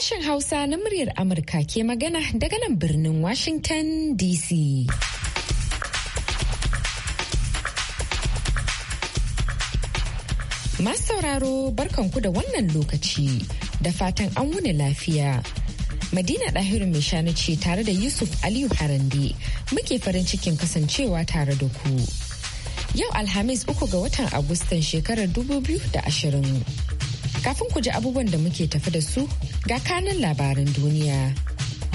Sashen Hausa na muryar Amurka ke magana daga nan birnin Washington DC. Masu sauraro barkanku da wannan lokaci da fatan an wuni lafiya. Madina Dahiru mai shanu ce tare da Yusuf Aliyu Harande muke farin cikin kasancewa tare da ku. Yau Alhamis uku ga watan Agustan shekarar 2020. Kafin ku ji abubuwan da muke tafi da su ga kanun labaran duniya.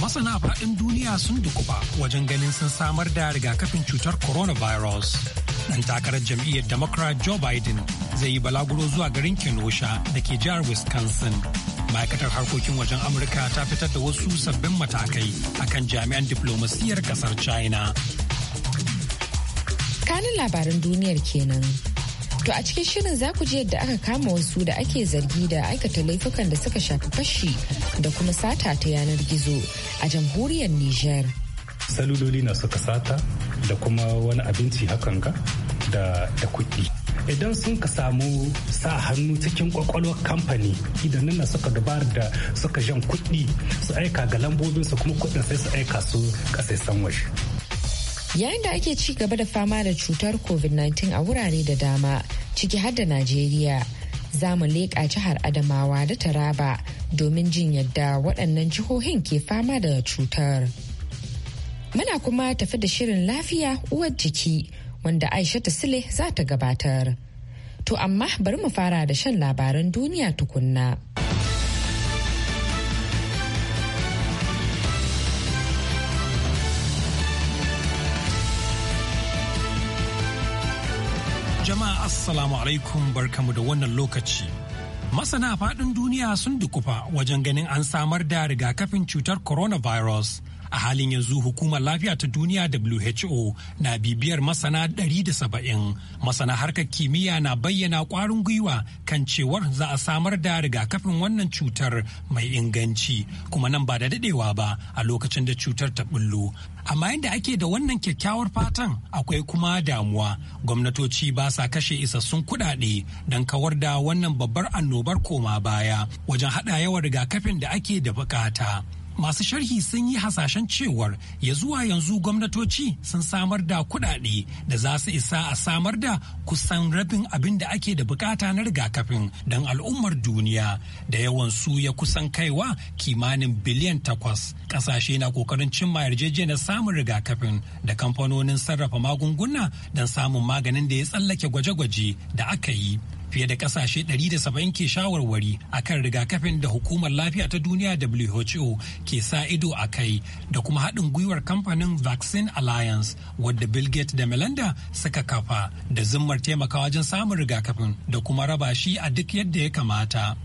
Masana faɗin duniya sun dukuba wajen ganin sun samar da rigakafin cutar coronavirus. Dan takarar jam'iyyar Democrat Joe Biden zai yi balaguro zuwa garin Kenosha da ke jihar Wisconsin. ma'aikatar harkokin wajen amurka ta fitar da wasu sabbin matakai akan jami'an diflomasiyyar kasar china kanin labaran duniyar kenan To a cikin shirin za ku ji yadda aka kama wasu da ake zargi da aikata laifukan da suka shafi fashi da kuma sata ta yanar gizo a jamhuriyar Nijar. Saluloli na suka sata da kuma wani abinci hakan ga da kuɗi. idan sun ka samu sa hannu cikin kwakwalwar kamfani idan nan suka dabar da suka jan kuɗi su aika ga lambobinsu kuma kuɗin sai su aika su ƙasaisan waje. Yayin da ake ci gaba da fama da cutar COVID-19 a wurare da dama, ciki har da Najeriya, za mu leƙa jihar Adamawa da Taraba domin jin yadda waɗannan jihohin ke fama da cutar. Muna kuma tafi da shirin lafiya uwar jiki wanda Aisha Sule za ta gabatar. To amma bari mu fara da shan labaran duniya tukunna. Jama'a Assalamu alaikum barkamu da wannan lokaci. Masana faɗin duniya sun dukufa wajen ganin an samar da rigakafin cutar coronavirus a halin yanzu hukumar lafiya ta duniya who na bibiyar masana 170 masana harkar kimiyya na bayyana kwarin gwiwa kan cewar za a samar da rigakafin wannan cutar mai inganci kuma nan ba da dadewa ba a lokacin da cutar ta bullo amma yadda ake da wannan kyakkyawar fatan akwai kuma damuwa gwamnatoci ba sa kashe isassun kuɗaɗe don kawar da wannan babbar annobar koma baya wajen haɗa yawan rigakafin da ake da bukata. masu sharhi sun yi hasashen cewar ya zuwa yanzu gwamnatoci sun samar da kuɗaɗe da za su isa a samar da kusan rabin abin da ake da bukata na rigakafin don al'ummar duniya da yawan su ya kusan kaiwa kimanin biliyan takwas ƙasashe na ƙoƙarin cimma yarjejeniyar samun rigakafin da kamfanonin sarrafa magunguna don samun maganin da ya tsallake gwaje-gwaje da aka yi fiye da kasashe 170 ke shawarwari akan rigakafin da hukumar lafiya ta duniya WHO ke sa ido a kai da kuma haɗin gwiwar kamfanin Vaccine Alliance wadda Bill Gates da Melinda suka kafa da zimmar taimakawa wajen samun rigakafin da kuma raba shi a duk yadda ya kamata.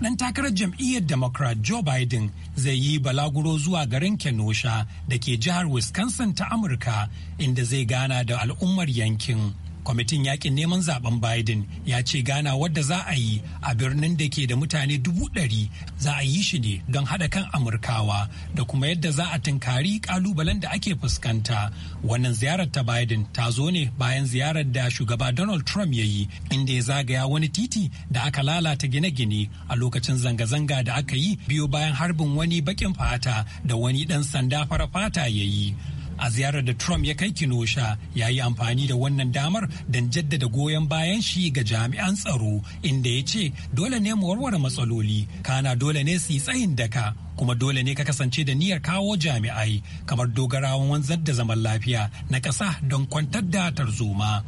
dan takarar jam'iyyar democrat joe biden zai yi balaguro zuwa garin kenosha da ke jihar wisconsin ta amurka inda zai gana da al'ummar yankin kwamitin yakin neman zaben biden ya ce gana wadda za a yi a birnin da ke da mutane dubu ɗari za a yi shi ne don haɗa kan amurkawa da kuma yadda za a tunkari ƙalubalen da ake fuskanta wannan ziyarar ta biden ta zo ne bayan ziyarar da shugaba donald trump ya yi inda ya zagaya wani titi da aka lalata gine-gine a lokacin zanga-zanga da aka yi biyo bayan harbin wani bakin fata da wani ɗan sanda fara fata ya yi a ziyarar da Trump ya kai Kinosha ya yi amfani da wannan damar don jaddada goyon bayan shi ga jami'an tsaro inda ya ce dole ne mu warware matsaloli kana dole ne su yi tsayin daka kuma dole ne ka kasance da niyyar kawo jami'ai kamar dogarawan wanzar da zaman lafiya na ƙasa don kwantar da tarzoma.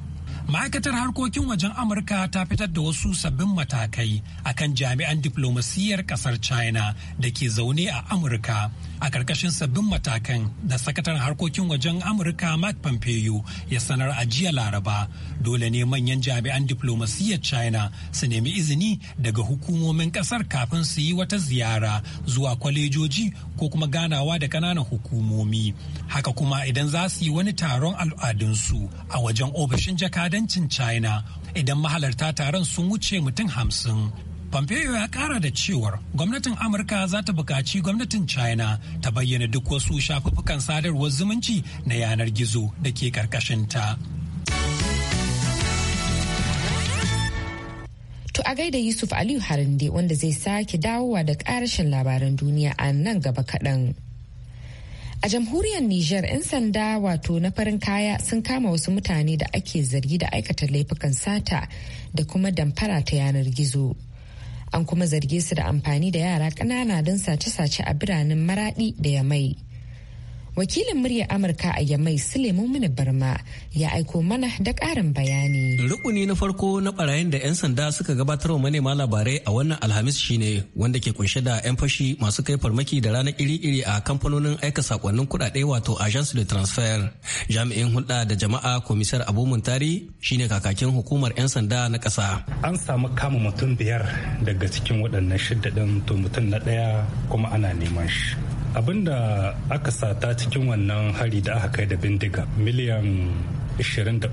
ma'aikatar harkokin wajen amurka ta fitar da wasu sabbin matakai akan jami'an diplomasiyyar kasar china da ke zaune a amurka a ƙarƙashin sabbin matakan da sakataren harkokin wajen amurka mark pompeo ya sanar a jiya laraba dole ne manyan jami'an diplomasiyyar china su nemi izini daga hukumomin ƙasar kafin su yi wata ziyara zuwa kwalejoji ko kuma ganawa da ƙananan hukumomi haka kuma idan za su yi wani taron al'adunsu a wajen ofishin jakadancin china idan mahalarta taron sun wuce mutum hamsin Pompeo ya kara da cewar gwamnatin Amurka za ta bukaci gwamnatin China ta bayyana duk wasu shafuffukan sadarwar zumunci na yanar gizo da ke ta. To a gaida Yusuf Aliyu Harande wanda zai sake dawowa da ƙarashin labaran duniya a nan gaba kaɗan. A jamhuriyar Nijar 'yan sanda wato na farin kaya sun kama wasu mutane da ake zargi da aikata laifukan sata da kuma damfara ta yanar gizo. An kuma zarge su da amfani da yara ƙanana don sace-sace a biranen Maraɗi da Yamai. wakilin muryar amurka a yamai suleiman mini barma ya aiko mana da karin bayani rukuni na farko na barayin da 'yan sanda suka gabatar wa manema labarai a wannan alhamis shine wanda ke kunshe da 'yan fashi masu kai farmaki da ranar iri-iri a kamfanonin aika sakonnin kuɗaɗe wato agence de transfer jami'in hulɗa da jama'a komisar abu muntari shine kakakin hukumar 'yan sanda na ƙasa an samu kama mutum biyar daga cikin waɗannan shidda ɗin to mutum na ɗaya kuma ana neman shi abinda aka sata cikin wannan hari da aka kai da bindiga miliyan 23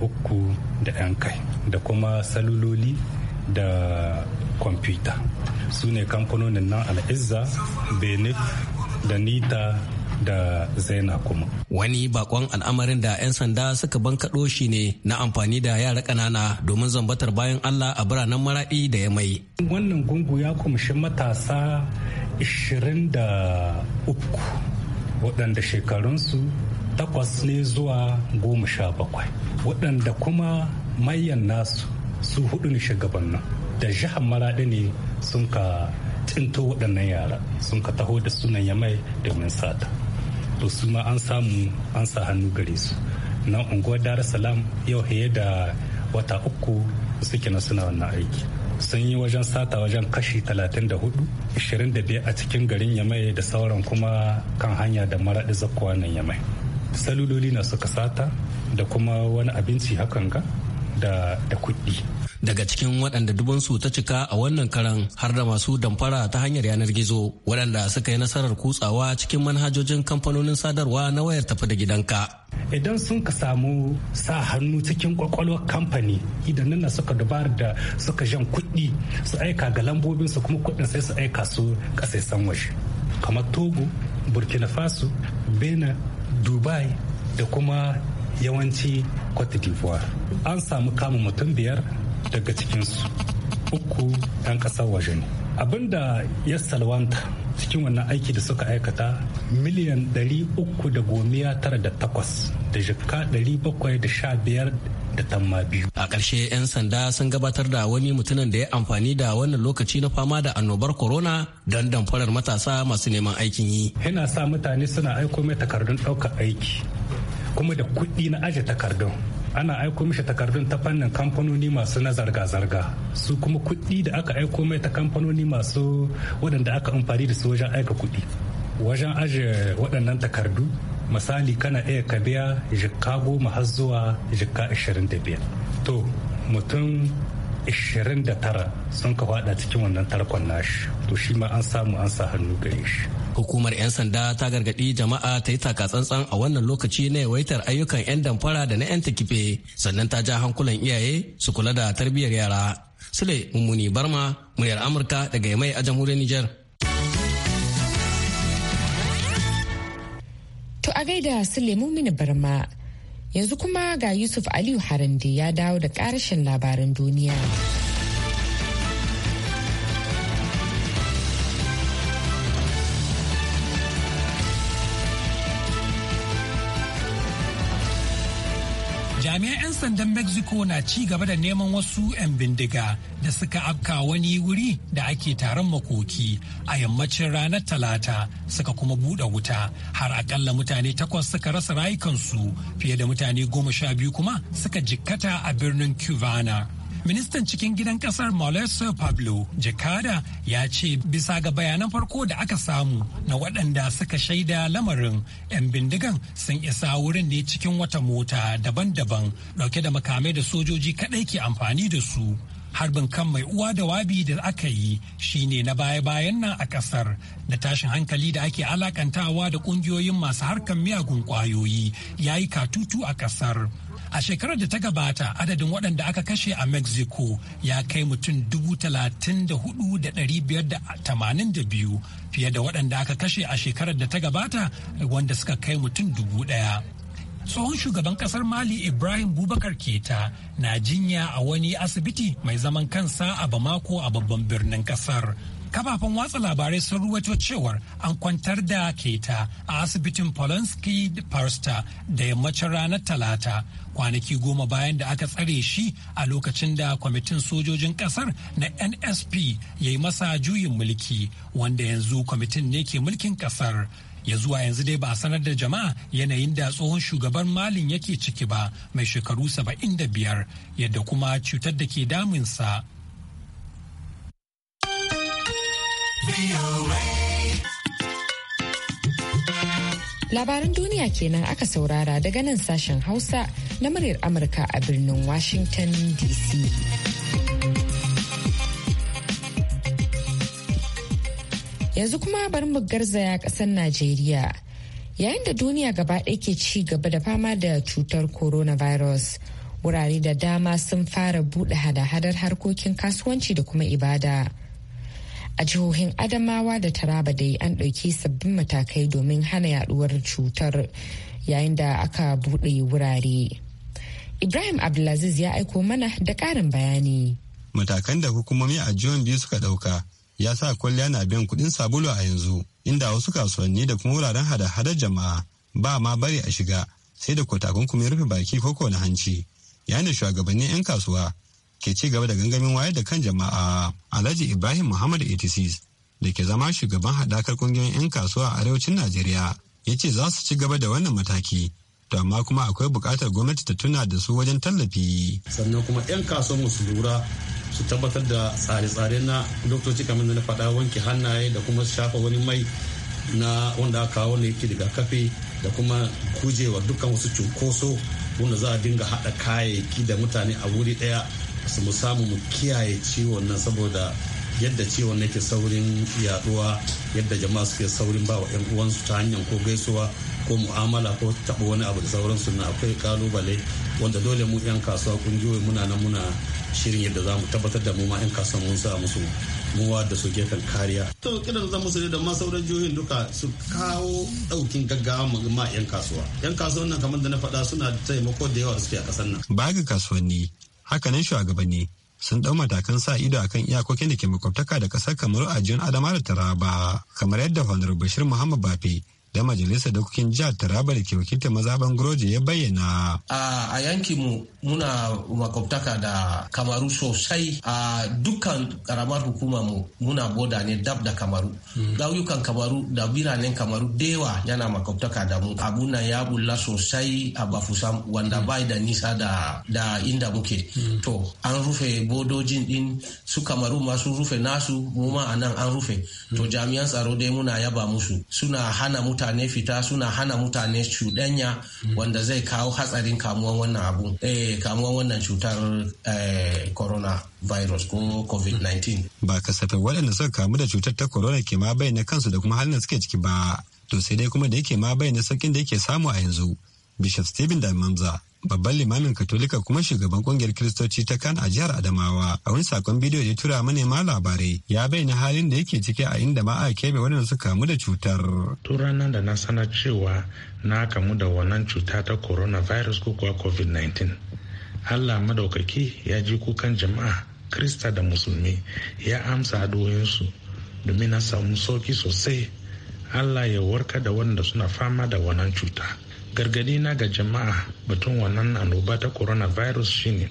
da 'yan kai da kuma saluloli da kwamfuta su ne kamfanonin nan al'izza benin da nita da zaina kuma. Wani bakon al'amarin da 'yan sanda suka bankaɗo shi ne na amfani da yara ƙanana domin zambatar bayan Allah a biranen maraɗi da ya mai. Wannan gungu ya kumshi matasa 23 waɗanda shekarunsu takwas ne zuwa goma sha bakwai waɗanda kuma mayan nasu su hudu ne shugabannin da jihar maraɗi ne sun ka tinto waɗannan yara sun ka taho da sunan yamai domin sata. to su ma an samu an sa hannu gare su nan unguwar dar salam yau haye da wata uku suke na suna wannan aiki sun yi wajen sata wajen kashi 34 25 a cikin garin yamai da sauran kuma kan hanya da maraɗi zakkuwa nan yamai saluloli na suka sata da kuma wani abinci hakan ga da kuɗi daga cikin waɗanda dubansu ta cika a wannan karan har da masu damfara ta hanyar yanar gizo waɗanda suka yi nasarar kutsawa cikin manhajojin kamfanonin sadarwa na wayar tafi da gidanka idan sun ka samu sa hannu cikin kwakwalwar kamfani idan nan suka dubar da suka jan kuɗi su aika ga lambobin su kuma kuɗin sai su aika su ƙasaisan waje kamar togo burkina faso Bena dubai da kuma yawanci cote d'ivoire an samu kama mutum biyar daga cikinsu uku 'yan ƙasar waje ne abin da ya salwanta cikin wannan aiki da suka aikata miliyan 398 da jikka tara da biyu. A ƙarshe 'yan sanda sun gabatar da wani mutumin da ya amfani da wannan lokaci na fama da annobar corona don damfarar matasa masu neman aikin yi. Yana sa mutane suna aiko mai takardun ɗaukar aiki kuma da kuɗi na aje takardun. ana aiko mishi takardun ta fannin kamfanoni masu na zarga-zarga su kuma kuɗi da aka aiko mai ta kamfanoni masu waɗanda aka amfani da su wajen aika kuɗi wajen aje waɗannan takardu misali kana iya ka biya jikka goma har zuwa jikka 25 da biyar to mutum 29 sun ka fada cikin wannan tarkon nashi to shi ma an samu an sa hannu gare shi hukumar 'yan sanda ta gargaɗi jama'a ta yi taka tsantsan a wannan lokaci na yawaitar ayyukan 'yan damfara da na 'yan takife sannan ta ja hankulan iyaye su kula da tarbiyyar yara sule mummuni barma muryar amurka daga yamai a jamhuriyar niger To a gaida sule Mini Barma Yanzu kuma ga Yusuf Aliyu Harande ya dawo da ƙarashin labaran duniya. sandan mexico na ci gaba da neman wasu 'yan bindiga da suka afka wani wuri da ake taron makoki a yammacin ranar talata suka kuma buɗe wuta har akalla mutane takwas suka rasa rayukansu fiye da mutane goma sha biyu kuma suka jikkata a birnin cubana Ministan cikin gidan kasar Mauricio Pablo Jakada ya ce bisa ga bayanan farko da aka samu na waɗanda suka shaida lamarin 'yan bindigan sun isa wurin ne cikin wata mota daban-daban ɗauke da makamai da sojoji kaɗai ke amfani da su. harbin kan mai uwa da wabi da aka yi shine na baya-bayan nan a kasar da tashin hankali da ake alakantawa da ƙungiyoyin masu harkar miyagun ƙwayoyi ya yi katutu a ƙasar. a shekarar da ta gabata adadin waɗanda aka kashe a mexico ya kai mutum biyu fiye da waɗanda aka kashe a shekarar da ta gabata wanda suka kai mutum dubu ɗaya. tsohon shugaban kasar mali ibrahim bubakar keta na jinya a wani asibiti mai zaman kansa a bamako a babban birnin kasar kafafen watsa labarai sun ruwaito cewar an kwantar da keta a asibitin polanski parsta da yammacin ranar talata kwanaki goma bayan da aka tsare shi a lokacin da kwamitin sojojin kasar na nsp ya yi masa juyin mulki wanda yanzu kwamitin ne ke mulkin kasar ya zuwa yanzu dai ba a sanar da jama'a yanayin da tsohon shugaban malin yake ciki ba mai shekaru 75 yadda kuma cutar da ke damunsa. Labaran duniya kenan aka saurara daga nan sashen Hausa na muryar Amurka a birnin Washington DC. Yanzu kuma bari mu garzaya ƙasar Najeriya. Yayin da duniya gaba ɗaya ke ci gaba da fama da cutar coronavirus, wurare da dama sun fara buɗe hada-hadar harkokin kasuwanci da kuma ibada. a jihohin adamawa da taraba dai an ɗauki sabbin matakai domin hana yaduwar cutar yayin da aka buɗe wurare ibrahim abdulaziz ya aiko mana da karin bayani matakan da hukumomi a jihohin biyu suka ɗauka ya sa kwalliya na biyan kuɗin sabulu a yanzu inda wasu kasuwanni da kuma wuraren hada-hadar jama'a ba ma bari a shiga sai da kwatakunkumin rufe baki ko na hanci yayin da shugabannin 'yan kasuwa ke ci gaba da gangamin wayar da kan jama'a alhaji ibrahim muhammad 86 da ke zama shugaban hadakar ƙungiyoyin 'yan kasuwa a arewacin najeriya ya ce za su ci gaba da wannan mataki to amma kuma akwai buƙatar gwamnati ta tuna da su wajen tallafi sannan kuma 'yan kasuwar su lura su tabbatar da tsare-tsare na doktoci kamar na faɗa wanke hannaye da kuma shafa wani mai na wanda aka kawo ne yake kafe da kuma kujewa dukkan wasu cunkoso wanda za a dinga haɗa kayayyaki da mutane a wuri ɗaya su mu samu mu kiyaye ciwon nan saboda yadda ciwon yake saurin yaduwa yadda jama'a suke saurin ba wa 'yan uwansu ta hanyar ko gaisuwa ko mu'amala ko taɓa wani abu da sauransu na akwai kalubale wanda dole mu 'yan kasuwa kungiyoyi muna nan muna shirin yadda za mu tabbatar da mu ma 'yan kasuwa mun sa musu muwa da su gefen kariya. To kiran zan musu da ma sauran jihohin duka su kawo ɗaukin gaggawa ma 'yan kasuwa. 'Yan kasuwan nan kamar da na faɗa suna taimako da yawa da suke a ƙasar nan. ba Baga kasuwanni hakanan shugabanni sun ɗau matakan sa ido akan iyakokin da ke makwabtaka da ƙasar kamar a adama da taraba kamar yadda honorable bashir muhammad bafe da majalisar dokokin jihar taraba da ke maza mazaban groje ya bayyana a yankin mu muna makwabtaka da kamaru sosai a dukkan karamar hukuma mu muna boda ne dab da kamaru gauyukan hmm. kamaru da biranen kamaru dewa yana makwabtaka da mu abunan ya bulla sosai a bafusan wanda hmm. bai da nisa da inda muke hmm. to an rufe bodojin din su kamaru masu rufe nasu mu ma anan an rufe to jami'an tsaro dai muna yaba musu suna hana mutane mutane fita suna hana mutane cuɗanya wanda zai kawo hatsarin kamuwan wannan abu eh kamuwan wannan cutar eh, corona virus ko covid-19 ba kasafin waɗanda suka kamu da cutar ta corona ke ma bayyana kansu da kuma halin da suke ciki ba to sai dai kuma da yake ma bayyana saukin da yake samu a yanzu bishop stephen da mamza babban limamin katolika kuma shugaban kungiyar kiristoci ta kan a jihar adamawa a wani sakon bidiyo ya tura manema labarai ya bayyana halin da yake ciki a inda ma aka keɓe waɗanda su kamu da cutar tun ranar da na sana cewa na kamu da wannan cuta ta coronavirus ko kuwa covid-19 allah madaukaki ya ji kukan jama'a krista da musulmi ya amsa adoyinsu domin na samu sauki sosai allah ya warka da wanda suna fama da wannan cuta gargadi na ga jama'a batun wannan annoba ta coronavirus shine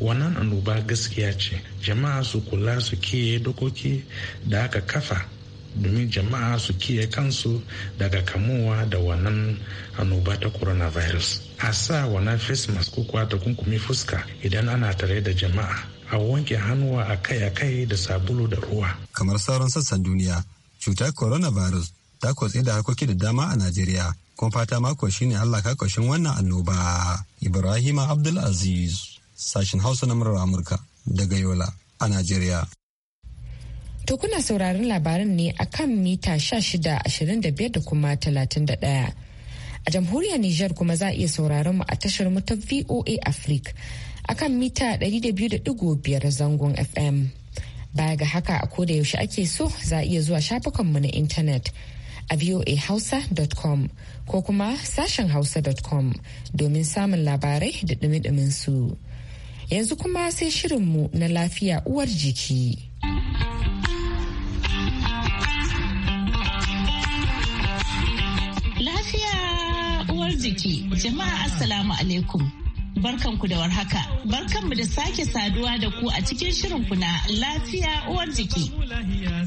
wannan annoba gaskiya ce jama'a su kula su kiyaye dokoki da aka kafa domin jama'a su kiyaye kansu daga kamuwa da wannan annoba ta coronavirus a sa wannan face mask ko kuwa kunkumi fuska idan ana tare da jama'a a wanke hannuwa akai-akai da sabulu da ruwa kamar sauran sassan duniya cutar coronavirus ta kotse da harkoki da dama a najeriya kuma fata mako shine Allah ka kashin wannan annoba. Ibrahim Abdulaziz, sashin Hausa na murar Amurka daga Yola a Najeriya. To kuna sauraron labarin ne a kan mita 1625 da kuma 31. A jamhuriyar Nijar kuma za a iya sauraron mu a tashar mu ta VOA Africa a kan mita 200.5 zangon FM. Baya ga haka a koda yaushe ake so za a iya zuwa shafukanmu na intanet. a voahausa.com ko kuma sashen hausa.com domin samun labarai da ɗumin su. Yanzu kuma sai shirinmu na lafiya uwar jiki. Lafiya uwar jiki, jama'a Assalamu alaikum. barkanku da warhaka. Barkanmu da sake saduwa da ku a cikin ku na lafiya uwar jiki.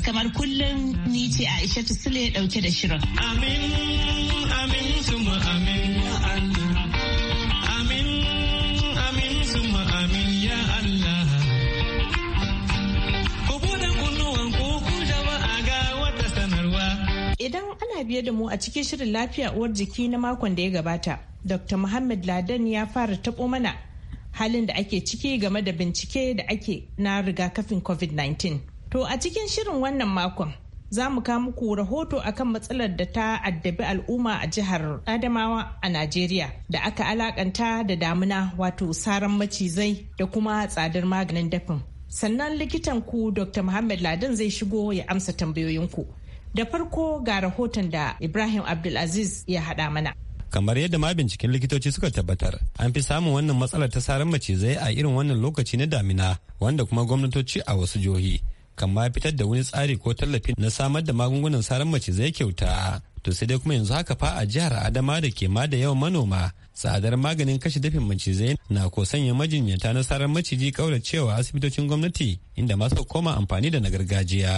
Kamar kullum ni ce Aisha Sule dauke da shirin. Amin, amin, suma amin ya Allah. Amin, amin, suma amin ya Allah. Ku bude kunnuwan ku jama'a ga wata sanarwa. Idan ana biye da mu a cikin shirin lafiya uwar jiki na makon da ya gabata. dr muhammad ladan ya fara taɓo mana halin da ake ciki game da bincike da ake na rigakafin covid-19 to a cikin shirin wannan makon za mu kawo muku rahoto akan matsalar da ta addabi al'umma a jihar Adamawa a Najeriya da aka alakanta da damuna wato saran macizai da kuma tsadar maganin dafin. Sannan likitan ku Dr. Muhammad Ladan zai shigo ya amsa tambayoyinku. Da farko ga rahoton da Ibrahim Abdulaziz ya haɗa mana. kamar yadda ma binciken likitoci suka tabbatar an fi samun wannan matsalar ta saran macizai a irin wannan lokaci na damina wanda kuma gwamnatoci a wasu jihohi kamar fitar da wani tsari ko tallafi na samar da magungunan saran macizai kyauta to sai dai kuma yanzu haka fa a jihar adama da ke ma da yawan manoma tsadar maganin kashe dafin macizai na ko sanya majinyata na sarar maciji kauracewa asibitocin gwamnati inda masu koma amfani da na gargajiya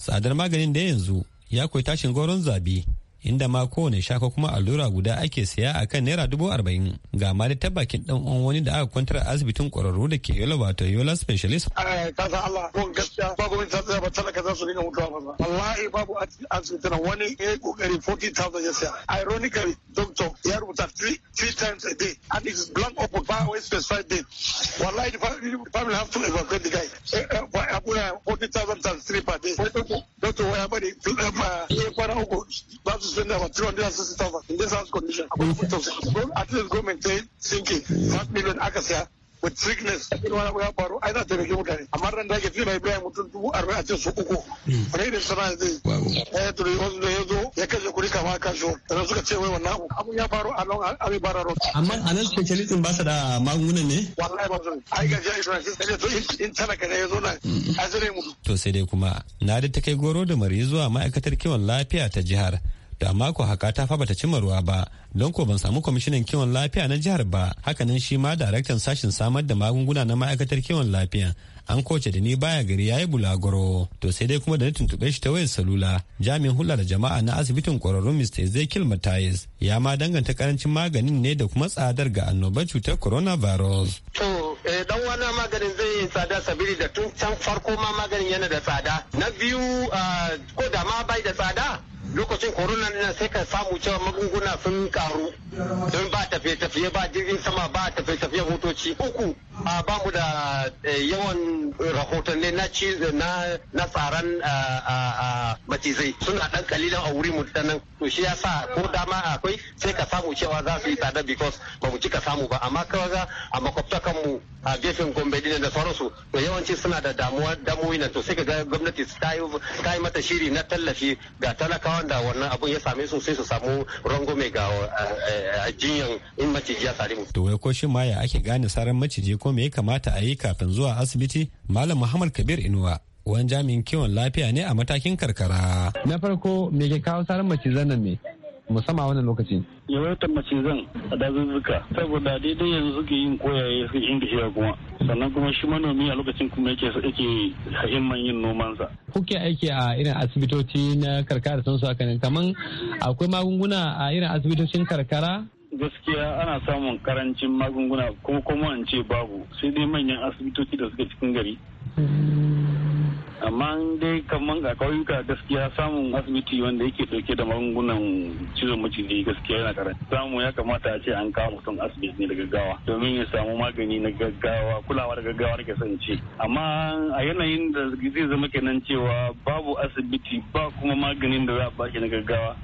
tsadar maganin da yanzu ya koyi tashin goron zabi inda ma kowane shaka kuma allura guda ake saya a kan naira dubu arba'in ga ma da tabbakin dan uwan wani da aka kwantar a asibitin kwararru da ke yola wato yola specialist. ka san Allah ko gaskiya ba gwamnati ta tsaya ba talaka za su dinga mutuwa ba wallahi babu asibiti na wani ya yi kokari 40,000 ya siya ironically doctor ya rubuta three times a day and it is blank open ba wai specified date wallahi the family have to evacuate the guy eh, eh, abuya 40,000 times three per day doctor waya bari eh, ya kwana uku ba su suspend about 360,000 in this house condition. At least go maintain sinking. 5 million aka siya with sickness wani ya faru ai za ta rage mutane amma ran da ake fi mai bayan mutum dubu arba'in a ce su uku wani irin sana'a zai ya turi wasu da ya zo ya kashe kuɗi kama a kashe da suka ce wai wannan abu abun ya faru a nan abin bara road. amma a nan specialistin ba su da magungunan ne. wallahi ba su ai gaji ya isra shi sai to in talaka ne ya zo nan hmm. a zire mu. to sai dai kuma na da ta kai goro da mari zuwa ma'aikatar kiwon lafiya ta jihar da mako haka ta fa bata cimma ruwa ba don ko ban samu kwamishinan kiwon lafiya na jihar ba hakanan shi ma daraktan sashen samar da magunguna na ma'aikatar kiwon lafiya an koce da ni baya gari yayi bulagoro to sai dai kuma da na tuntuɓe shi ta wayar salula jami'in hula da jama'a na asibitin kwararrun Mr. Ezekiel Matthias ya ma danganta karancin maganin ne da kuma tsadar ga annobar cutar coronavirus. To eh, dan wani maganin zai yi tsada sabili da tun can farko ma maganin yana da tsada na biyu ah, ko da ma bai da tsada lokacin korona ne sai ka samu cewa magunguna sun karu don ba tafiye-tafiye ba jirgin sama ba tafiye-tafiye hotoci uku a ba mu da e, yawan rahotanni na na tsaron macizai suna dan kalilan a wuri mu nan to shi yasa ko dama akwai sai ka samu cewa za su yi tsada because ba mu cika samu ba amma kawai za a makwabta kanmu a gefen gombe dinan da sauransu to yawanci suna da damuwa damuwa nan to sai ka ga gwamnati ta yi mata shiri na tallafi ga talakawa wanda wannan abun ya same su sai su samu rangume ga eh, eh, jinyan in maciji ya sare mu. To wai ko shi ma ya ake gane saran maciji ko me ya kamata a yi kafin zuwa asibiti? Malam Muhammad Kabir Inuwa wani jami'in kiwon lafiya ne a matakin karkara. Na farko me ke kawo saran macizan nan ne? musamman wannan lokaci. Yawaitar mace zan a dazuzzuka saboda daidai yanzu suke yin koyaye su ingishiya kuma sannan kuma shi manomi a lokacin kuma yake yake himman yin nomansa. Kuke aiki a irin asibitoci na karkara sun su hakanin kamar akwai magunguna a irin asibitocin karkara gaskiya ana samun karancin magunguna kuma kuma ce babu sai dai manyan asibitoci da suke cikin gari amma dai kamar a kauyuka gaskiya samun asibiti wanda yake dauke da magungunan cizon maciji gaskiya yana karanta samu ya kamata a ce an kawo mutum asibiti ne da gaggawa domin ya samu magani na gaggawa kulawa da gaggawa da son ce amma a yanayin da zai zama kenan cewa babu asibiti ba kuma maganin da za a baki na gaggawa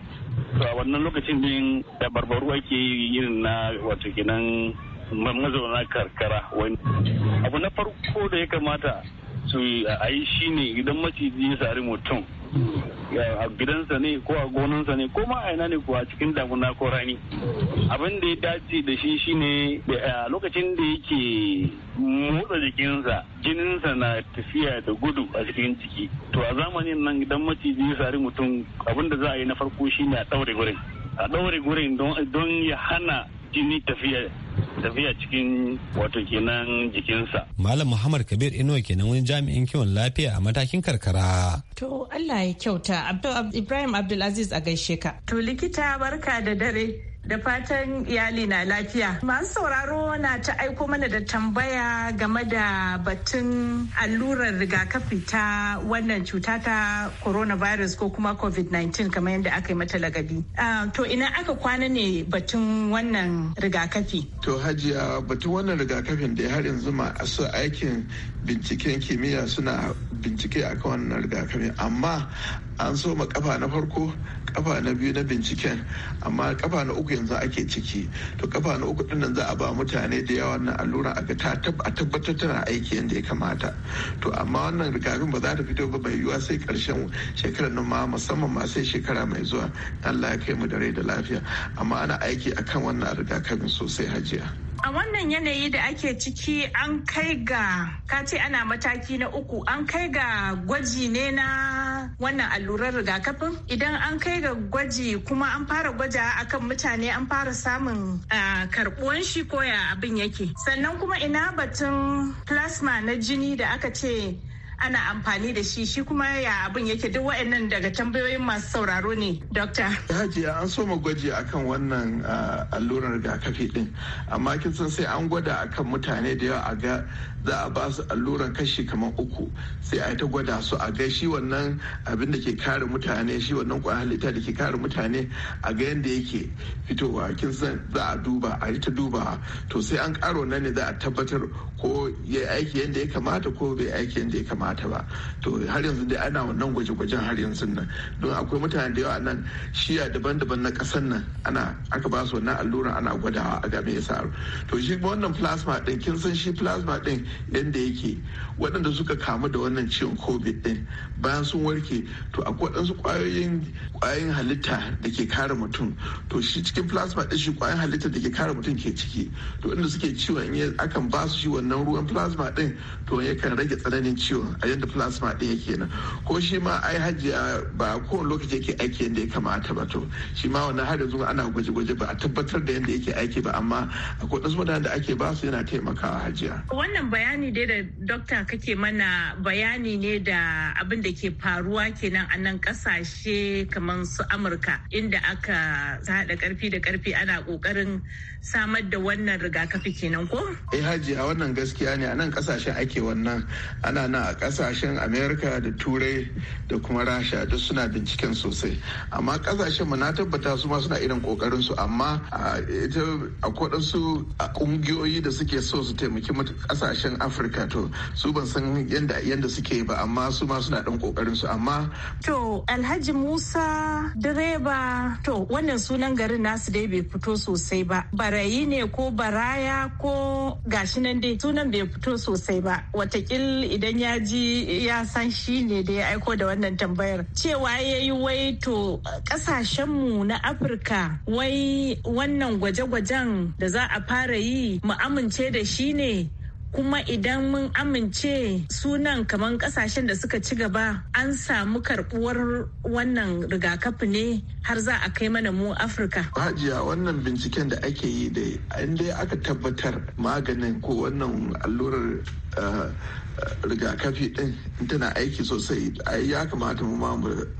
to a wannan lokacin din da barbaru ake irin na wato kenan mazauna karkara wani abu na farko da ya kamata su uh, a yi shi ne idan maciji ya sari mutum a gidansa ne ko a gonansa ne ko ma a ina ne ko a cikin damuna ko rani abin da ya dace da shi ne eh, a lokacin da yake motsa jikinsa jininsa na tafiya da gudu a cikin ciki. to a zamanin nan idan maciji ya sari mutum abin da za a yi na farko shine a ɗaure gurin a ɗaure gurin don ya hana jini tafiya tafiya cikin wato kenan jikinsa. Malam Muhammad Kabir Inuwa kenan wani jami'in kiwon lafiya a matakin karkara. To Allah ya kyauta Ibrahim Abdulaziz a gaishe ka. To likita barka da dare. Da fatan iyali na lafiya. Masu sauraro na ta aiko mana da tambaya game da batun allurar rigakafi ta wannan cuta ta coronavirus ko kuma COVID-19 kamar yadda aka yi mata lagabi. Uh, ah, to ina aka kwana ne batun wannan rigakafi? To hajiya batun wannan rigakafin da har yanzu masu aikin binciken kimiyya suna bincike akan wannan rigakafin amma an so ma kafa na farko kafa na biyu na binciken amma kafa na uku yanzu ake ciki to kafa na uku dinnan za a ba mutane da yawa na allura a ta tabbatar tana aiki yadda ya kamata to amma wannan rigakafin ba za ta fito ba bai yiwuwa sai karshen shekarar nan ma musamman ma sai shekara mai zuwa Allah ya kai mu da rai da lafiya amma ana aiki akan wannan rigakafin sosai hajiya. a wannan yanayi da ake ciki an kai ga kace ana mataki na uku an kai ga gwaji ne na wannan allurar rigakafin idan an kai ga gwaji kuma an fara gwaja akan mutane an fara samun karbuwan shi koya abin yake sannan kuma ina batun plasma na jini da aka ce ana amfani da shi shi kuma ya abin yake duk waɗannan daga tambayoyin masu sauraro ne dokta haji an soma gwaji akan wannan ah, allurar rigakafi din amma kin san sai an gwada akan mutane da yawa a ga za a ba su alluran kashi kamar uku sai a yi ta gwada su a ga shi wannan abin da ke kare mutane shi wannan kwan halitta da ke kare mutane a ga yadda yake fitowa kin san za a duba a yi ta duba to sai an karo nan ne za a tabbatar ko ya aiki yadda ya kamata ko bai aiki yadda ya kamata kamata ba to har yanzu dai ana wannan gwaje-gwajen har yanzu nan don akwai mutane da yawa nan shiya daban-daban na kasan nan ana aka ba su wannan alluran ana gwadawa a game ya sa'ar to shi wannan plasma din kin san shi plasma din yanda yake waɗanda suka kamu da wannan ciwon covid din bayan sun warke to akwai waɗansu ƙwayoyin ƙwayoyin halitta da ke kare mutum to shi cikin plasma din shi ƙwayoyin halitta da ke kare mutum ke ciki to inda suke ciwon akan ba su shi wannan ruwan plasma din to yakan rage tsananin ciwon a yadda plasma ɗin yake nan ko shi ma ai hajiya ba kowane lokaci yake aiki yadda ya kamata ba to shi ma wannan har yanzu ana gwaje-gwaje ba a tabbatar da yadda yake aiki ba amma akwai ɗansu da ake ba su yana taimakawa hajiya. wannan bayani dai da dokta kake mana bayani ne da abin da ke faruwa kenan a nan kasashe kamar su amurka inda aka haɗa karfi da karfi ana ƙoƙarin samar da wannan rigakafi kenan ko? eh hajiya wannan gaskiya ne a nan ƙasashe ake wannan ana nan a kasashen america da turai da kuma rasha duk suna binciken sosai amma kasashen mu na tabbata su ma suna irin kokarin su amma ita akwai su kungiyoyi da suke so su taimaki kasashen afirka to su ban san yanda yanda suke ba amma su ma suna dan kokarin su amma to alhaji musa direba to wannan sunan garin nasu dai bai fito sosai ba barayi ne ko baraya ko gashi nan dai sunan bai fito sosai ba watakil idan ya ji ya san shi ne da ya aiko da wannan tambayar cewa ya yi wai to kasashenmu na afirka wai wannan gwaje-gwajen da za a fara yi mu amince da shi ne kuma idan mun amince sunan kamar kasashen da suka ci gaba an samu karbuwar wannan rigakafi ne har za a kai mana mu afirka hajiya wannan binciken da ake yi da inda aka tabbatar maganin ko wannan allurar eh, eh, rigakafi din tana aiki sosai ai ya kamata mu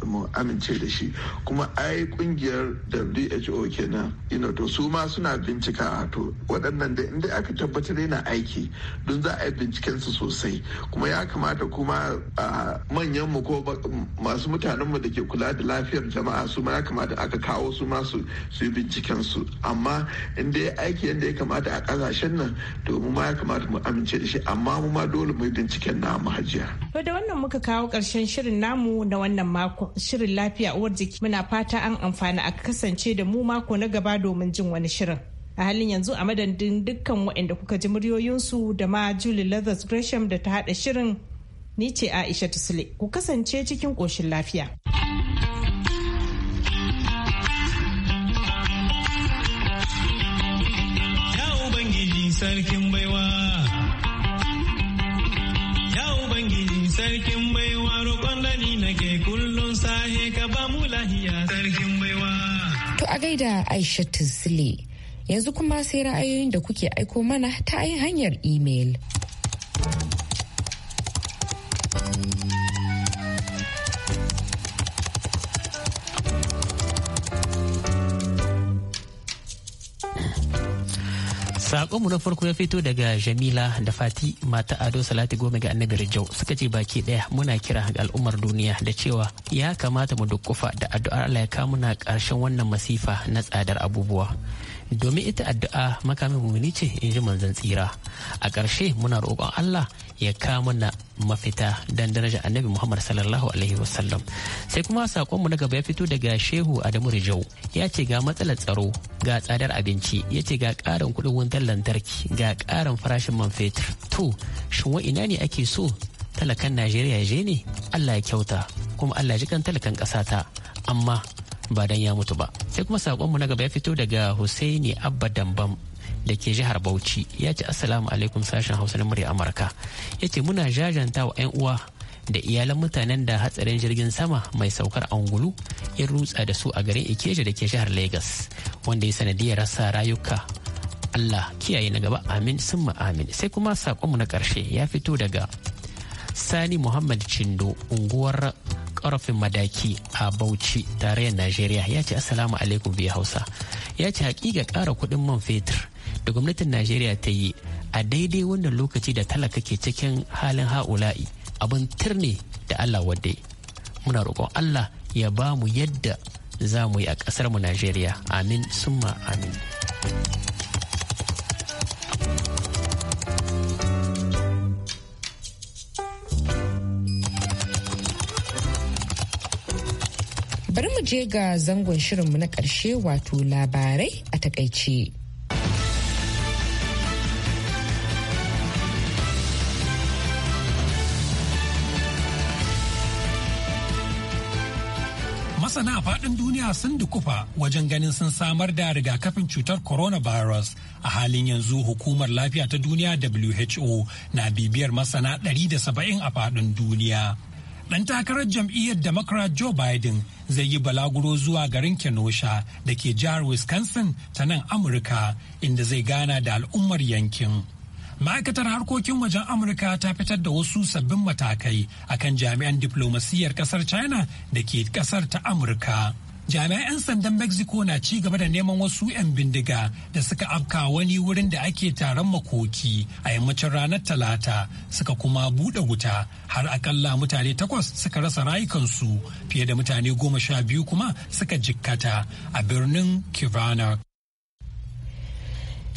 mu amince da shi kuma ai kungiyar WHO kenan ina to su ma suna bincika to waɗannan da inda aka tabbatar yana aiki duk za a yi binciken su sosai kuma ya kamata kuma a manyan mu ko masu mutanen mu da ke kula da lafiyar jama'a su ma ya kamata aka kawo su ma su yi binciken su amma in dai aiki yadda ya kamata a kasashen nan to mu ma ya kamata mu amince da shi amma mu ma dole mu yi binciken na mu hajiya. To da wannan muka kawo karshen shirin namu na wannan mako shirin lafiya uwar jiki muna fata an amfana a kasance da mu mako na gaba domin jin wani shirin. a halin yanzu a madadin dukkan waɗanda kuka ji muryoyinsu da ma Julie Leathers Gresham da ta haɗa shirin ni ce Aisha Tusle ku kasance cikin ƙoshin lafiya. Ya Ubangiji sarkin baiwa Ya Ubangiji sarkin baiwa roƙon da nake kullum sahe ka ba mu lahiya sarkin baiwa. To a gaida Aisha Tusle. Yanzu kuma sai ra'ayoyin da kuke aiko mana ta hanyar imel. Sakonmu na farko ya fito daga Jamila da Fati mata Ado Salati Goma ga Annabi Rijau suka ce baki ɗaya muna kira ga al'ummar duniya da cewa ya kamata mu dukkufa da addu'ar Allah ya kamuna ƙarshen wannan masifa na tsadar abubuwa. domin ita addu'a makamin mumini ce in ji manzon tsira a ƙarshe muna roƙon Allah ya kama mana mafita dan daraja annabi Muhammad sallallahu alaihi wasallam sai kuma sakonmu na gaba ya fito daga Shehu Adamu Rijau ya ce ga matsalar tsaro ga tsadar abinci ya ce ga ƙarin kuɗin wutar lantarki ga ƙarin farashin man fetur to shin ina ne ake so talakan Najeriya ya je ne Allah ya kyauta kuma Allah ya ji kan talakan ƙasa ta amma ba dan ya mutu ba sai kuma sakonmu na gaba ya fito daga Husaini Abba Dambam da ke jihar Bauchi ya ce assalamu alaikum sashen Hausa na murya Amurka ya ce muna jajanta wa 'yan uwa da iyalan mutanen da hatsarin jirgin sama mai saukar angulu ya rutsa da su a garin ikeja da ke jihar Legas. wanda ya sanadiyar rasa rayuka allah kiyaye na gaba amin sun amin sai kuma sakonmu na karshe ya fito daga sani muhammad chindo unguwar Ƙorafin madaki a bauchi tarayyar najeriya ya ce assalamu alaikum biyu hausa ya ce hakika ƙara kudin man fetur da gwamnatin najeriya ta yi a daidai wannan lokaci da talaka ke cikin halin ha'ula'i abin turne da allah wadde muna roƙon allah ya ba mu yadda za mu yi a ƙasar mu najeriya amin summa amin je ga zangon shirinmu na ƙarshe wato labarai a takaice. masana a faɗin duniya sun dukufa wajen ganin sun samar da rigakafin cutar coronavirus a halin yanzu hukumar lafiya ta duniya who na bibiyar masana 170 a faɗin duniya Ɗan takarar jam'iyyar Democrat Joe Biden zai yi balaguro zuwa garin Kenosha da ke jihar Wisconsin ta nan Amurka inda zai gana da al'ummar yankin. Ma'aikatar harkokin wajen Amurka ta fitar da wasu sabbin matakai akan jami'an diplomasiyyar kasar China da ke kasar ta Amurka. jami'an sandan mexico na ci gaba da neman wasu 'yan bindiga da suka afka wani wurin da ake taron makoki a yammacin ranar talata suka kuma bude wuta har akalla mutane takwas suka rasa rayukansu fiye da mutane goma sha biyu kuma suka jikkata a birnin kivana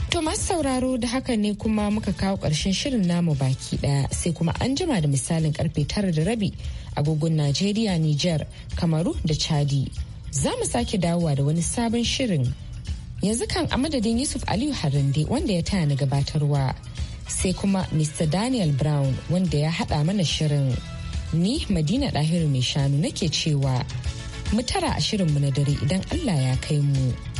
To masu sauraro da haka ne kuma muka kawo ƙarshen shirin namu baki ɗaya sai kuma an jima da misalin karfe tara da rabi agogon Najeriya, niger Kamaru da Chadi. za mu sake dawowa da wani sabon shirin yanzu kan a madadin yusuf aliyu harande wanda ya taya ni gabatarwa sai kuma mr daniel brown wanda ya hada mana shirin ni madina dahiru mai shanu nake cewa mu tara a shirinmu na dare idan allah ya kai mu.